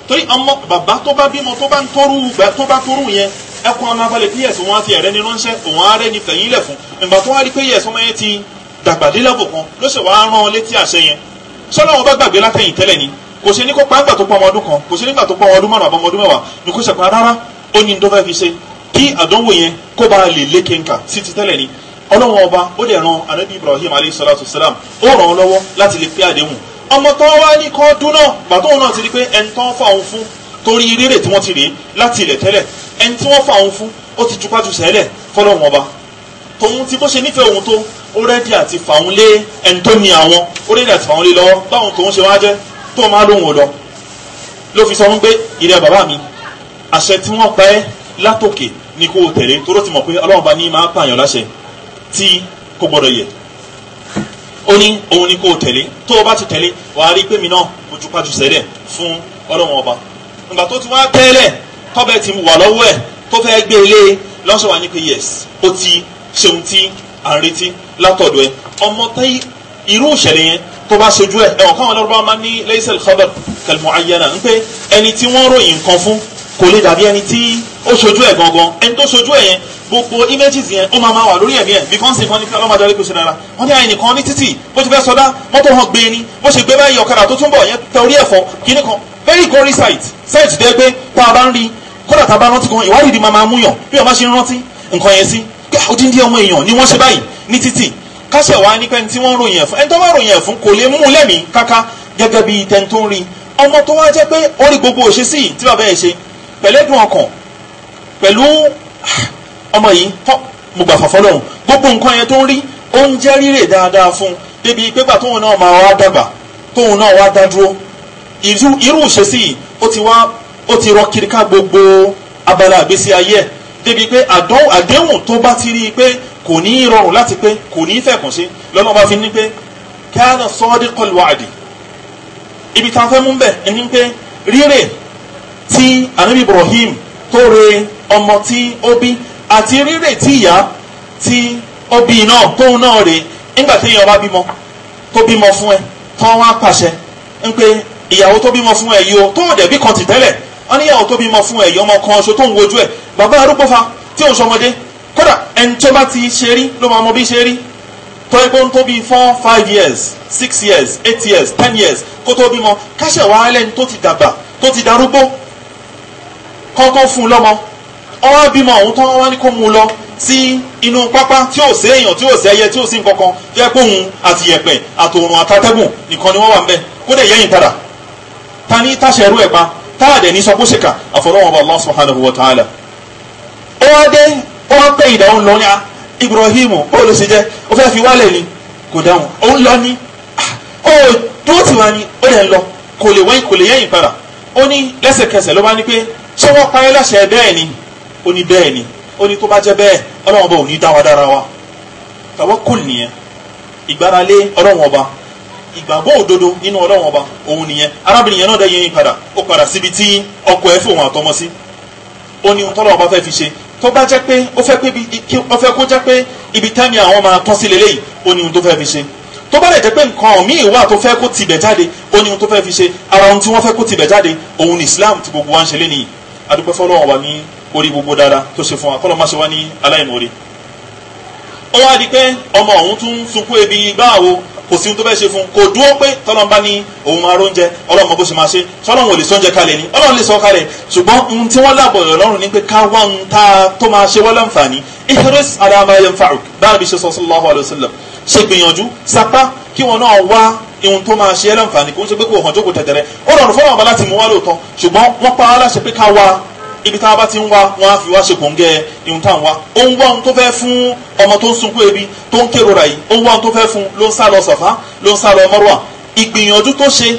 torí ọmọ bàbá tó bá bímọ tó bá ń tọrú gbà tó bá tọrú yẹn ẹkùn ọmọ abalẹ̀ pé yes òun á fi ẹ̀rẹ́ ni ránṣẹ́ òun á rẹ́ ni fẹ̀yìn lẹ̀ fún ìgbà tó wá rí pé yes ọmọ yẹn ti dàgbà dé lẹ́bù kan ló ṣe wàá rán létí àṣẹ yẹn sọ́lá wọn bá gbàgbé látẹ̀yìn tẹ́lẹ̀ ni kò ṣe ní kó pa àgbà tó pa ọmọ ọdún kan kò ṣe nígbà tó pa ọmọ ọdún márùn àbọ̀mọ ọdún mẹ́wàá ni kò ni ọlọ́wọ́n ọba ó dẹ̀ ran anabi ibrahim alayhi salatu salam ó ràn án lọ́wọ́ láti lè pé àdéhùn ọmọ tó wá ní kó dún náà gbàtọ́ òun náà ti rí pé ẹni tó ń fa òun fún torí rírè tí wọ́n ti rèé láti ilẹ̀ tẹ́lẹ̀ ẹni tí wọ́n fa òun fún ó ti jupájú sẹ́lẹ̀ fọlọ́wọ́n ọba tòun ti bó ṣe nífẹ̀ẹ́ òun tó ó rẹ́dí àti fà òun lé ẹni tó ní àwọn ó rẹ́dí àti fà òun lé lọ́wọ́ báwọn tòun ṣe wá jẹ́ tó máa lóhùn ọ̀dọ́ ló fi sọ fún pé ìrẹ́ bàbá mi àṣẹ tí wọ́n pa ẹ́ látòkè ni kó o tẹ̀lé toró ti mọ̀ pé ọlọ́run bá ní máa pààyàn láṣẹ tí kò gbọdọ̀ yẹ ó ní òun ni kò tẹ̀lé tó o bá ti tẹ̀lé wàá rí pé mi náà mo ju pàjù sẹ́lẹ̀ fún ọlọ́run ọba nígbà tó ti wá tẹ́lẹ̀ tọ́bẹ̀ ti wà lọ́wọ́ ẹ̀ tó fẹ́ gbé ilé e lọ́sọ̀ wá ní pé yes ó ti ṣeun tí à ń retí látọ̀dọ̀ ẹ ọmọ tẹ́ irú ìṣẹ̀lẹ̀ yẹn tó bá ṣojú ẹ̀ ẹ̀wọ̀n káwọn ọlọ́run bá máa ní laysal khabar kal muayyana ń pé ẹni tí wọ́n ròyìn nǹkan fún kò lè dàbí ẹni tí ó ṣojú ẹ̀ gangan ẹni tó ṣojú ẹ̀ yẹn gbogbo images yẹn ó máa máa wà lórí ẹ̀mí ẹ̀ bí kọ́ńsìn kan ní kí ọlọ́mọdé ọlẹ́kùn ṣe dára wọ́n ní àyìn nìkan ní títì bó ti fẹ́ sọdá mọ́tò hàn gbé ni bó ṣe gbé báyìí ọ̀kadà tó tún yẹn tẹ orí ẹ̀fọ́ kìíní kan very gory site site dẹ́ gbé tá a bá ń rí kódà tá a bá rántí kan ìwádìí ni máa mú yàn bí wọ́n bá ṣe ń rántí nǹkan yẹn sí odindi ọmọ èèyàn ni wọ́n ṣe báyìí ní títì káṣẹ̀ wá ní pẹ́ni tí wọ́n ròyìn ẹ̀fún ẹni tó bá ròyìn ẹ̀fún kò lè mú un lẹ́mìí káká gẹ́gẹ́ bí tẹni tó ń rí ọmọ tó wá jẹ́ pé orí gbogbo ọmọ yìí tọ́ mo gbà fàfọ́ lọ́hùn gbogbo nǹkan yẹn tó ń rí ó ń jẹ́ rírè dáadáa fún un débi pépà tóun náà máa wá dàgbà tóun náà wá dá dúró irú ìṣesí ó ti wá ó ti rọ kiri ká gbogbo abala àgbésí ayé ẹ̀ débi pé àdéhùn tó bá ti rí i pé kò ní í rọrùn láti pé kò ní í fẹ̀kùn sí lọ́nà bá fi ní pé kana sadiqal wa'di ibi tá a fẹ́ mú bẹ̀ ẹni pé rírè tí anabi Ibrahim tó re ọmọ tí ó bí àti rírètí ìyá tí ọbí náà tóun náà rè nígbà tí èèyàn bá bímọ tó bímọ fún ẹ tán wá pàṣẹ ń pé ìyàwó tó bímọ fún ẹ yìí o tó ò dẹ̀bí kan ti tẹ́lẹ̀ wọn ní ìyàwó tó bímọ fún ẹ yìí ọmọ kan ṣo tó ń wojú ẹ bàbá arúgbó fa tí òun ṣọmọdé kódà ẹni tó bá ti ṣe rí ló máa mọ bí ṣe rí tó ẹgbẹ́ ń tó four five years six years eight years ten years kó tó bímọ káṣẹ̀ wá lẹ́ni tó ti dàgbà tó ti darúgbó kọ́kọ́ fún un lọ́mọ ọwọ́ bímọ ọ̀hún tán wọ́n ní kó mu lọ sí inú pápá tí ò sí èèyàn tí ò sí ẹyẹ tí ò sí nǹkankan jẹ́ póhun àti yẹ̀pẹ̀ àtòrùn àtàtẹ́gùn nìkan ni wọ́n wà ń kó dẹ̀ yẹ́yìn padà ta ní táṣẹ̀rú ẹ̀ pa táàdẹ̀ ní sọ kó ṣèkà àfọlọ́wọ́n bá Allah subhanahu wa ta'ala. ó wá dé ó wá pé ìdáhùn lọ ní ah, Ibrahim ó ló ṣe jẹ́ ó fẹ́ fi wálẹ̀ ni kò dáhùn ó ń lọ ní ah, ó dúró tì wá ní ó dẹ̀ ń lọ kò lè wẹ́yìn kò lè yẹ́yìn padà ó ní lẹ́sẹ̀kẹsẹ̀ ló bá ní pé ṣé wọ́n pa ẹ́ bẹ́ẹ̀ ni ó ní bẹ́ẹ̀ ni ó ní tó bá jẹ́ bẹ́ẹ̀ ọlọ́run ọba ò ní dá wa dára wa tawakkul nìyẹn ìgbáralé ọlọ́run ọba ìgbàgbọ́ òdodo nínú ọlọ́run ọba òun nìyẹn arábìnrin yẹn náà dẹ̀ yẹn padà ó padà síbi tí ọkọ ẹ̀ fòun àtọmọ sí ó ní ohun tọ́lọ́run ọba fẹ́ fi ṣe tó bá jẹ́ pé ó fẹ́ pé ó fẹ́ kó jẹ́ pé ibi tẹ́mi àwọn máa tán sí lélẹ́yìí ó ní ohun tó fẹ́ fi ṣe tó bá lè jẹ́ pé nǹkan míì wà tó fẹ́ kó tibẹ̀ jáde ó ní ohun tó fẹ́ fi ṣe ara ohun tí wọ́n fẹ́ kó tibẹ̀ jáde òun ni Islam ti gbogbo wa ń ṣe lé nìyí adúpẹ́ fọlọ́run ọba ní orí gbogbo dára tó ṣe fún wa kọ́lọ́ má ṣe wá ní aláìmoore ó wá di pé ọmọ òun tún sunkún ebi báwo kò sí ohun tó fẹ́ ṣe fún kò dúró pé tọ́lọ́n bá ní òun máa róúnjẹ ọlọ́mọ bó ṣe máa ṣe tọ́lọ́n ò lè sọ́njẹ kalẹ̀ ni ọlọ́run lè sọ kalẹ̀ ṣùgbọ́n ohun tí wọ́n lábọ̀ ọlọ́run ni pé ká wá ohun tá a tó máa ṣe wọ́n láǹfààní ihris ala ma yanfa'uk ṣe sọ sallallahu alayhi wa sallam ṣe gbìyànjú sapá kí wọn náà wá ohun tó máa ṣe láǹfààní kó ń ṣe pé kò hàn jókòó tẹ̀tẹ̀rẹ̀ ibi tá a bá ti ń wá wọn á fi wá ṣe kòńgẹ́ ihun tá à ń wá ó ń wá ohun tó fẹ́ fún ọmọ tó ń sunkún ebi tó ń kérora yìí ó ń wá ohun tó fẹ́ fún ló ń sá lọ sàfá ló ń sá lọ mọ́rùwà ìgbìyànjú tó ṣe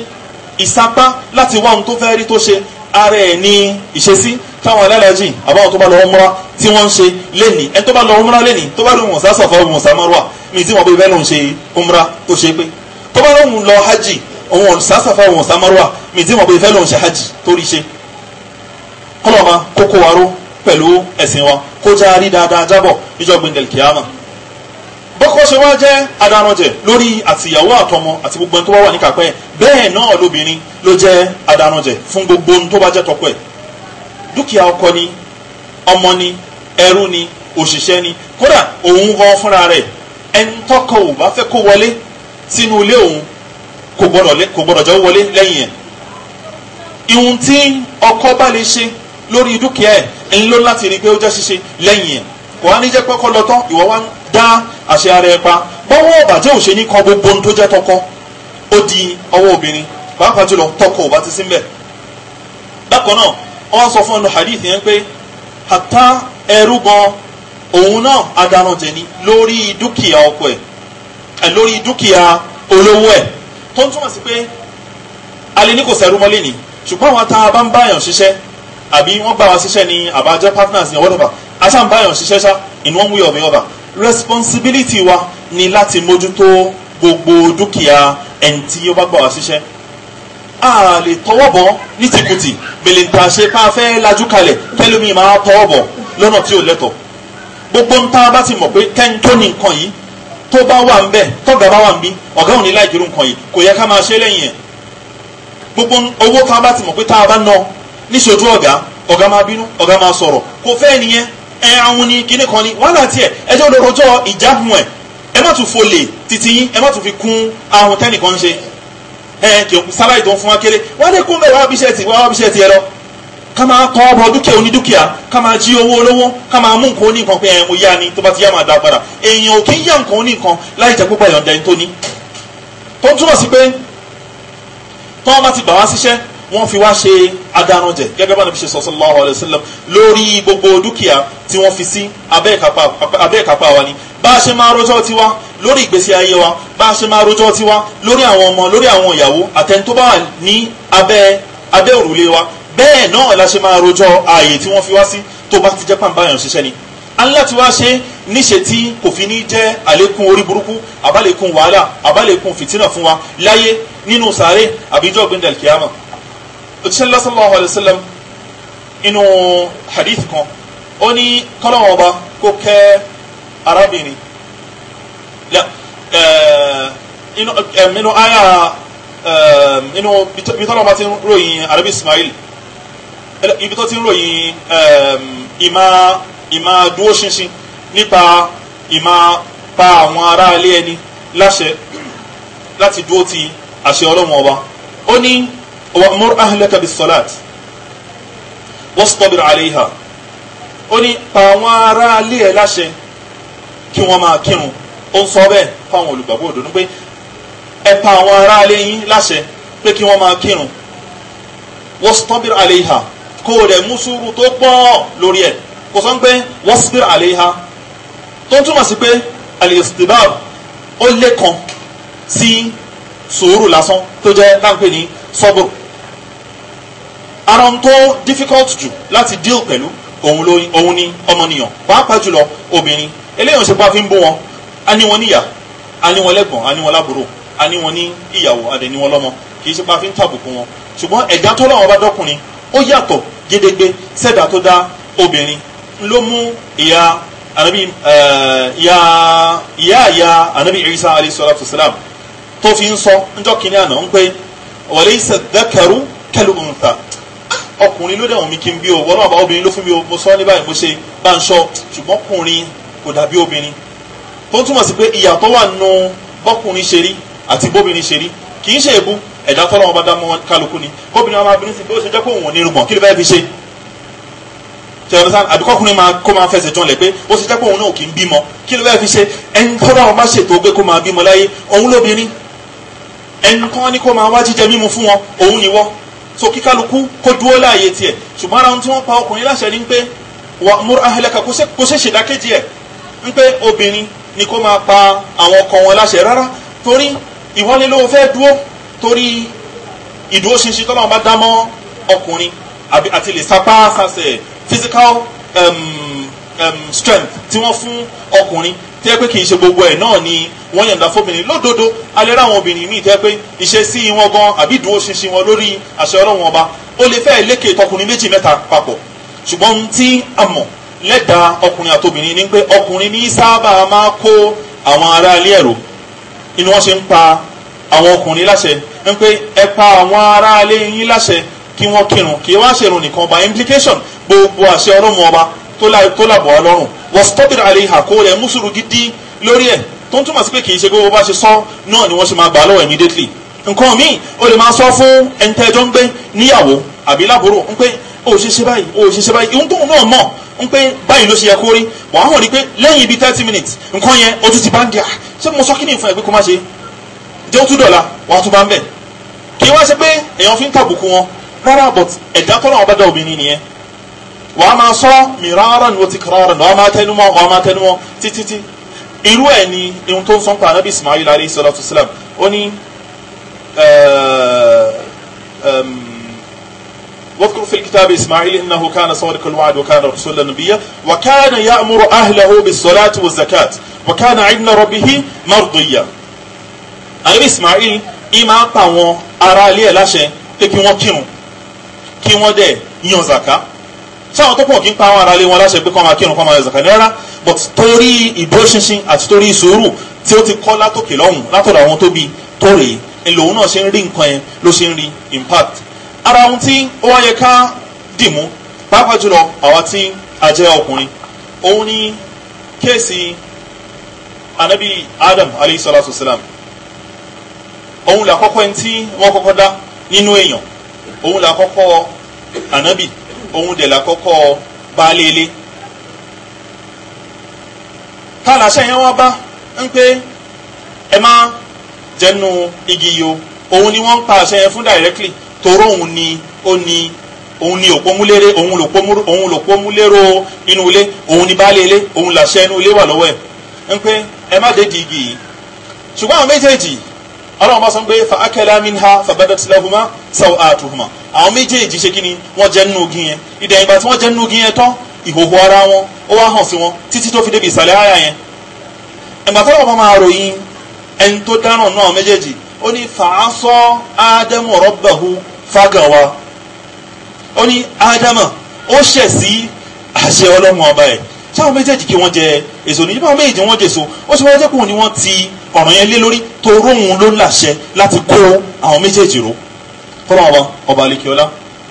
ìsapá láti wá ohun tó fẹ́ rí tó ṣe ara ẹ̀ ní ìṣesí táwọn alálàájì àbáwọn tó bá lọ múra tí wọ́n ń ṣe lẹ́nìí ẹ tó bá lọ múra lẹ́nìí tó bá lọ mọ̀ọ́sá sọ̀fọ́ mọ̀ọ́sá mọ́rùwà mi tí wọ́n bẹ bẹ́ẹ̀ ló ń ṣe múra tó ṣe pé tó bá lọ mú lọ hajj òun ọ̀sá sọ̀fọ́ mọ̀ọ́sá mi tí wọ́n bẹ fẹ́ ló ń ṣe hajj tó rí ṣe kọ́lọ̀ ma kókó wa ró pẹ̀lú ẹ̀sìn wa kó já rí dáadáa jábọ̀ níjọ́ gbẹ̀ndẹ̀l kìámà bọ́kọ́ ṣe wá jẹ́ adarunjẹ lórí àtìyàwó àtọmọ àti gbogbo ẹni tó bá wà ní kápẹ́ bẹ́ẹ̀ náà lóbìnrin ló jẹ́ adarunjẹ fún gbogbo ohun tó bá jẹ́ tọpẹ́ dúkìá ọkọ ni ọmọ ni ẹrú ni òṣìṣẹ́ ni kódà òun gan fúnra rẹ̀ ẹni tọkọ ò bá fẹ́ kó wọlé sínú ilé òun kò gbọdọ̀ jẹ́ wọlé lẹ́yìn ẹ̀ ìhun tí ọkọ bá lè ṣe lórí dúkìá ẹ̀ ńlọ láti rí i pé ó jẹ́ ṣíṣe lẹ́yìn ẹ̀ kò wá ní jẹ́ pẹ́kọ́ lọ tán ìwọ wá ń dá àṣẹ ara ẹ pa bọ́wọ́ ọ̀bàjẹ́ ò ṣe ní kan gbogbo ohun tó jẹ́ tọkọ ó di ọwọ́ obìnrin pàápàá jùlọ tọkọ ò bá ti sí mbẹ̀. bákan náà wọ́n sọ fún ọ̀nà hadith yẹn pé hatta ẹrú gan òun náà adarun ni lórí dúkìá ọkọ ẹ̀ ẹ̀ lórí dúkìá olówó ẹ̀ tó ń túmọ̀ sí pé alẹ́ ní kò sẹ́rú mọ́lẹ́ ni ṣùgbọ́n àwọn tá bá ń báyàn ṣiṣẹ́ àbí wọ́n gbà wá síṣẹ́ ni àbájọ́ partners ni whatever aṣáǹbáyọ̀ ṣiṣẹ́ ṣá in one way or the other responsibility wa ni láti mójútó gbogbo dúkìá ẹni tí ó bá gbà wá síṣẹ́ a lè tọwọ́ bọ̀ ní tìkùtì bèlè ta ṣe bá a fẹ́ lajú kalẹ̀ kẹlómi máa tọwọ́ bọ̀ lọ́nà tí ò lẹ́tọ̀ gbogbo ń tá a bá ti mọ̀ pé kẹ́ni tó ní nǹkan yìí tó bá wà ń bẹ̀ tọ́gà bá wà ń bí ọ̀gá òní láì dúró nǹkan yìí kò yẹ ká máa ṣe lẹ́yìn ẹ̀ gbogbo owó tá bá ti mọ̀ pé tá a bá ná níṣojú ọ̀gá ọ̀gá máa bínú ọ̀gá máa sọ̀rọ̀ kò fẹ́ nìyẹn ẹ àwọn ni kíní kan ni wàhálà tiẹ̀ ẹjọ́ lọ́rọ̀jọ́ ìjáhùn ẹ̀ ẹ má tún folè títí yín ẹ má tún fi kún ahun tẹ́nìkan ń ṣe ẹ kì í sáláì tó ń fún wa kéré wọ́n lè kún bẹ́ẹ̀ wá bíṣẹ́ ti wá bíṣẹ́ ti ẹ lọ ká máa kọ́ ọ̀bọ̀ dúkìá onídúkìá ká máa jí owó olówó ká máa mú nǹkan oníkan pé ẹ yá ni tó bá ti yá máa dá èèyàn ò kí ń yá nǹkan oníkan láì jẹ́ púpọ̀ ìyọ̀ǹda ẹni tó ní tó túmọ̀ sí pé tọ́wọ́ bá ti gbà wá síṣẹ́ wọ́n fi wá ṣe adarunjẹ gẹ́gẹ́ bá nàbí ṣe sọ sallallahu alayhi wa sallam lórí gbogbo dúkìá tí wọ́n fi sí abẹ́ ìkápá wa ni bá a ṣe máa rojọ́ tiwa lórí ìgbésí ayé wa bá a ṣe máa rojọ́ tiwa lórí àwọn ọmọ lórí àwọn ìyàwó àtẹni tó bá wà ní abẹ́ abẹ́ òrùlé wa bẹ́ẹ̀ náà la ṣe máa rojọ́ ààyè tí wọ́n fi wá sí tó bá ti jẹ́ pàǹbáyàn ṣiṣẹ́ ni Allah ti wá ṣe níṣe tí kò fi ní jẹ́ àlékún orí burúkú àbálẹ̀kún wàhálà àbálẹ̀kún fìtínà fún wa láyé nínú sàárè àbíjọ́ gbẹ̀ndẹ̀lkìyàmọ̀ òtíṣẹ́ sallallahu alaihi wasallam inú hadith kan ó ní kọ́lọ́wọ́n ọba kó kẹ́ arábìnrin eh, eh, inú àyà eh, inú ibi tọ́lọ́wọ́n ọba ti ń ròyìn arábì Ismail ibi tó ti ń ròyìn ìmá ìmá dúró ṣinṣin nípa ìmá pa àwọn ará ẹni láṣẹ láti dúró ti àṣẹ ọlọ́wọ́n ó ní wa'mur ahlaka bis-salat wastabir 'alayha ó ní pa àwọn ará ilé ẹ̀ láṣẹ kí wọ́n máa kírun ó ń sọ bẹ́ẹ̀ fáwọn olùgbàgbọ́ òdodo pé ẹ pa àwọn ará ilé yín láṣẹ pé kí wọ́n máa kírun wastabir 'alayha kó o rẹ̀ mú sùúrù tó pọ̀ lórí ẹ̀ kò sọ pé wasbir 'alayha tó ń túmọ̀ sí pé al ó lé kan sí sùúrù lásán tó jẹ́ láǹpẹ̀ ní sọ́bùrù ara ohun tó difficult jù láti deal pẹ̀lú òun ló òun ni ọmọnìyàn pàápàá jùlọ obìnrin eléyìí ṣe pa fi ń bó wọn a ní wọn níyà a ní wọn lẹ́gbọ̀n a ní wọn lábúrò a ní wọn ní ìyàwó a ní wọn lọ́mọ kì í ṣe pa fi ń tàbùkù wọn ṣùgbọ́n ẹ̀dá tó lọ́wọ́ bá dọ́kùnrin ó yàtọ̀ gédégbé sẹ́dá tó dá obìnrin ló mú ìyá anabi eh, ìyá ìyá ìyá anabi Isa alayhi salatu tó fi ń sọ ńjọ́ kìnìún àná ń pé walaysa dhakaru kal-untha ọkùnrin ló dẹ̀wọ̀n mi kí n bí o wọ́n náà bá obìnrin ló fún mi o mo sọ ní báyìí mo ṣe bá ń sọ ṣùgbọ́n ọkùnrin kò dàbí obìnrin tó túmọ̀ sí pé ìyà tó wà nù bọ́kùnrin ṣe rí àti bóbìnrin ṣe rí kì í ṣe èbú ẹ̀dá tọ́lọ́wọ́n bá dá mọ́ kálukú ni kóbìnrin máa bínú sí pé ó ṣe jẹ́ kó òun ò ní rúgbọ̀n kí ló fẹ́ fi ṣe tẹ̀wọ́n sáà àbíkọ́ ọkùnrin máa kó máa fẹsẹ̀ jọlẹ̀ pé ó ṣe jẹ́ pé òun náà kì í bímọ kí ló fẹ́ fi ṣe ẹni tọ́lọ́wọ́n bá ṣètò pé kó máa bímọ láyé òun lóbìnrin ẹni kan kó máa wá jíjẹ mímu fún wọn òun ni wọ́n so kíkálukú kó dúró láàyè tiẹ̀ ṣùgbọ́n ara tí wọ́n pa ọkùnrin láṣẹ ni pé wàmúr ahlẹ́ka kó ṣèṣe dákẹ́jì ẹ̀ ń pé obìnrin ni kó máa pa àwọn ọkọ wọn láṣẹ rárá torí ìwọ́nilówó fẹ́ dúró torí ìdúróṣinṣin tọ́lá wọn bá dá ọkùnrin àti lè sapá sasẹ̀ physical um, um, strength tí wọ́n fún ọkùnrin tó yẹ pé kì í ṣe gbogbo ẹ̀ náà ni wọ́n yànda fóbìnrin lódodo alẹ́ ráwọn obìnrin míì tó yẹ pé ìṣesí wọn gan àbí ìdúró ṣinṣin wọn lórí àṣẹ ọlọ́run ọba ó lè fẹ́ẹ́ lékè tọkùnrin méjì mẹ́ta papọ̀ ṣùgbọ́n tí a mọ̀ lẹ́dàá ọkùnrin àtobìnrin ni pé ọkùnrin ní sábà máa kó àwọn ará ilé ẹ̀rọ inú wọn ṣe ń pa àwọn ọkùnrin láṣẹ ń pé ẹ pa àwọn ará ilé yín láṣẹ kí wọ́n kírun kí wọ́n ṣèrun nìkan by implication gbogbo àṣẹ ọlọ́run ọba tó làbọ̀ wá lọ́rùn wastabir alayha kó rẹ̀ mú sùúrù gidi lórí ẹ̀ tó ń túmọ̀ sí pé kì í ṣe pé wọ́n bá ṣe sọ náà ni wọ́n ṣe máa gbà lọ́wọ́ immediately nǹkan míì o lè máa sọ fún ẹni tẹ́ ẹjọ́ ń gbé níyàwó àbí lábúrò ń pé o ò ṣe ṣe báyìí o ò ṣe ṣe báyìí ìhun tóun náà mọ̀ ń pé báyìí ló ṣe yẹ kó rí wọ́n á hàn rí pé lẹ́yìn bíi thirty minutes nǹkan yẹn o tún ti bá ń gẹ̀ à ah, ṣé mo sọ kí ni ìfún ẹ̀ pé kó má ṣe jẹ́ ó tún dọ̀la wọ́n á tún bá ń bẹ̀ kí wọ́n ṣe pé èèyàn fi ń tàbùkù wọn rárá but ẹ̀dá tọ́lọ́wọ́n bá dá obìnrin nìyẹn وما صو مرارا وتكرارا وما تنمو وما تنمو تي تي تي إلو أني إن تون صنقى نبي إسماعيل عليه الصلاة والسلام وني واذكر في الكتاب إسماعيل إنه كان صادق الوعد وكان رسول النبي وكان يأمر أهله بالصلاة والزكاة وكان عند ربه مرضية أبي إسماعيل إما طاوة أرى لي لاشي تكي وكيو كي ودي زكاة sáwọn tó pọ̀ kí n pa àwọn ará ilé wọn láṣẹ pé kọ́ máa kírun kọ́ máa zàkà ní rárá but torí ìdúróṣinṣin àti torí sùúrù tí ó ti kọ́ látòkè lọ́hùn látọ̀dọ̀ àwọn tó bi tó rèé ìlòun náà ṣe ń rí nǹkan yẹn ló ṣe ń rí impact ara ohun tí ó wáyé ká dìmú pàápàá jùlọ àwa tí a jẹ́ ọkùnrin òun ni kéèsì anabi adam alayhi salatu wasalam òun làkọ́kọ́ ẹni tí wọ́n kọ́kọ́ dá nínú èèyàn òun làkọ́kọ́ anabi òun dẹ̀ lákọ́kọ́ baálé ilé tálàṣẹ yẹn wá bá ń pé ẹ má jẹnu igi yo òun ni wọ́n ń pa àṣẹ yẹn fún directly toró òun ni ó ní òun ni òpómúléré òun lòpómúléró inú ilé òun ni baálé ilé òun làṣẹ inú ilé wà lọ́wọ́ ẹ̀ ń pé ẹ má dédìí igi yìí ṣùgbọ́n àwọn méjèèjì ọlọ́run bá sọ pé fa akala minha fa badat lahuma sawatuhuma àwọn méjèèjì ṣe kíni wọ́n jẹ́ nínú ogin yẹn ìdẹ̀ ìgbà tí wọ́n jẹ́ nínú ogin yẹn tán ìhòhò ara wọn ó wá hàn sí wọn títí tó fi débi ìsàlẹ̀ àyà yẹn ìgbà tó wọ́n máa ròyìn ẹni tó dáràn náà méjèèjì ó ní fàásọ ádámù rabbahu fagawa ó ní ádámù ó ṣẹ̀ sí àṣẹ ọlọ́run ọba ẹ̀ ṣáwọn méjèèjì kí wọ́n jẹ èso níjọba méjèèjì ni wọ́n ọ̀ràn yẹn lé lórí toró òun ló làṣẹ láti kó àwọn méjèèjì ró kọ́ra ọba ọba alekiola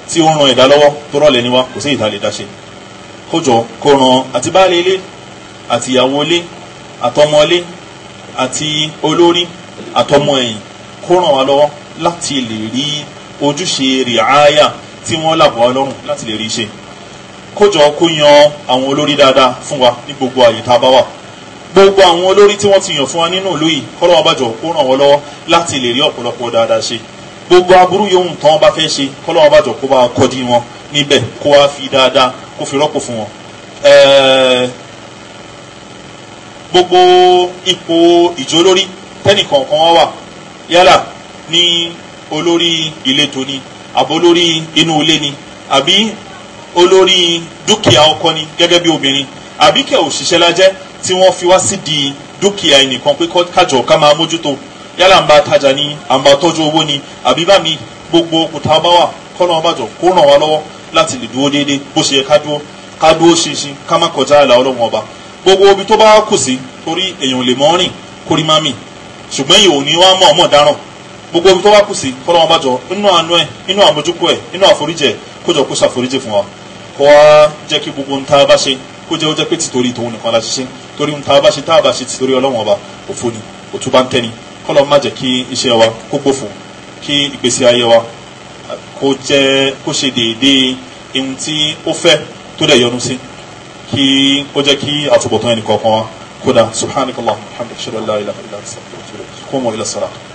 tí ó ran ẹ̀dá lọ́wọ́ tó rọ̀lẹ́ ni wá kò sí ìdálẹ́ dáṣe kó jọ kó ran àti baálé ilé àti ìyàwó ilé àtọmọ ilé àti olórí àtọmọ ẹ̀yìn kó ràn wá lọ́wọ́ láti lè rí ojúṣe rìáyà tí wọ́n làbọ̀ wá lọ́rùn láti lè rí ṣe kó kó yan àwọn olórí dáadáa fún wa ní gbogbo àyè tá a bá wà gbogbo àwọn olórí tí wọ́n ti yàn fún wa nínú ìlú yìí kọ́lọ́ ọbàjọ́ kó ràn wọ́n lọ́wọ́ láti lè rí ọ̀pọ̀lọpọ̀ dáadáa ṣe gbogbo aburú yòówù tán wọn bá fẹ́ ṣe kọ́lọ́ ọbàjọ́ kó bá kọ́dí wọn níbẹ̀ kó wá fi dáadáa kó fi rọ́pò fún wọn. gbogbo ipò ìjọ lórí tẹ́nìkọ̀ọ̀kan wá wà yálà ní olórí ìletò ni àbólórí inú ilé ni àbí olórí dúkìá ọkọ ni gẹ́gẹ́ bí obìnrin àbí kẹ́ òṣìṣẹ́ tí wọ́n fi wá sí di dúkìá ẹnìkan pé kájọ ká máa mójútó yálà ń bá tajà ní à ń bá tọ́jú owó ni àbí bá mi gbogbo kùtà bá wà kọ́nà ọbàjọ́ kó ràn wá lọ́wọ́ láti lè dúró déédéé bó ṣe yẹ ká dúró ká dúró ṣinṣin ká má kọjá àlà ọlọ́run ọba gbogbo ibi tó bá kù sí torí èèyàn lè mọ́ rìn kórí má mì ṣùgbọ́n èèyàn ò ní wá mọ̀ ọmọ dáràn gbogbo ibi tó bá kù sí kọ́nà ọbàjọ́ inú àánú ẹ̀ inú àmójúkú ẹ̀ inú àforíjẹ kójọ kó ṣàforíjì fún wa kó wá jẹ́ kí gbogbo ń tá bá ṣe kó jẹ́ ó jẹ́ pé tìtorí tòun nìkan la ṣiṣẹ́ torí ń ta bá ṣe tá a bá ṣe ti torí ọlọ́run ọba òfo ni òtún bá ń tẹ́ni kọ́lọ́ má jẹ́ kí iṣẹ́ wa kó gbófo kí ìgbésí ayé wa kó jẹ́ kó ṣe déédéé ohun tí ó fẹ́ tó dẹ̀ yọ́nú sí kí ó jẹ́ kí àtúbọ̀tán ẹnì kọ̀ọ̀kan wa kódà subhanakallah alhamdulilayi la ilaha illa anta astaghfiruka wa atubu ilayk qumu ila salat.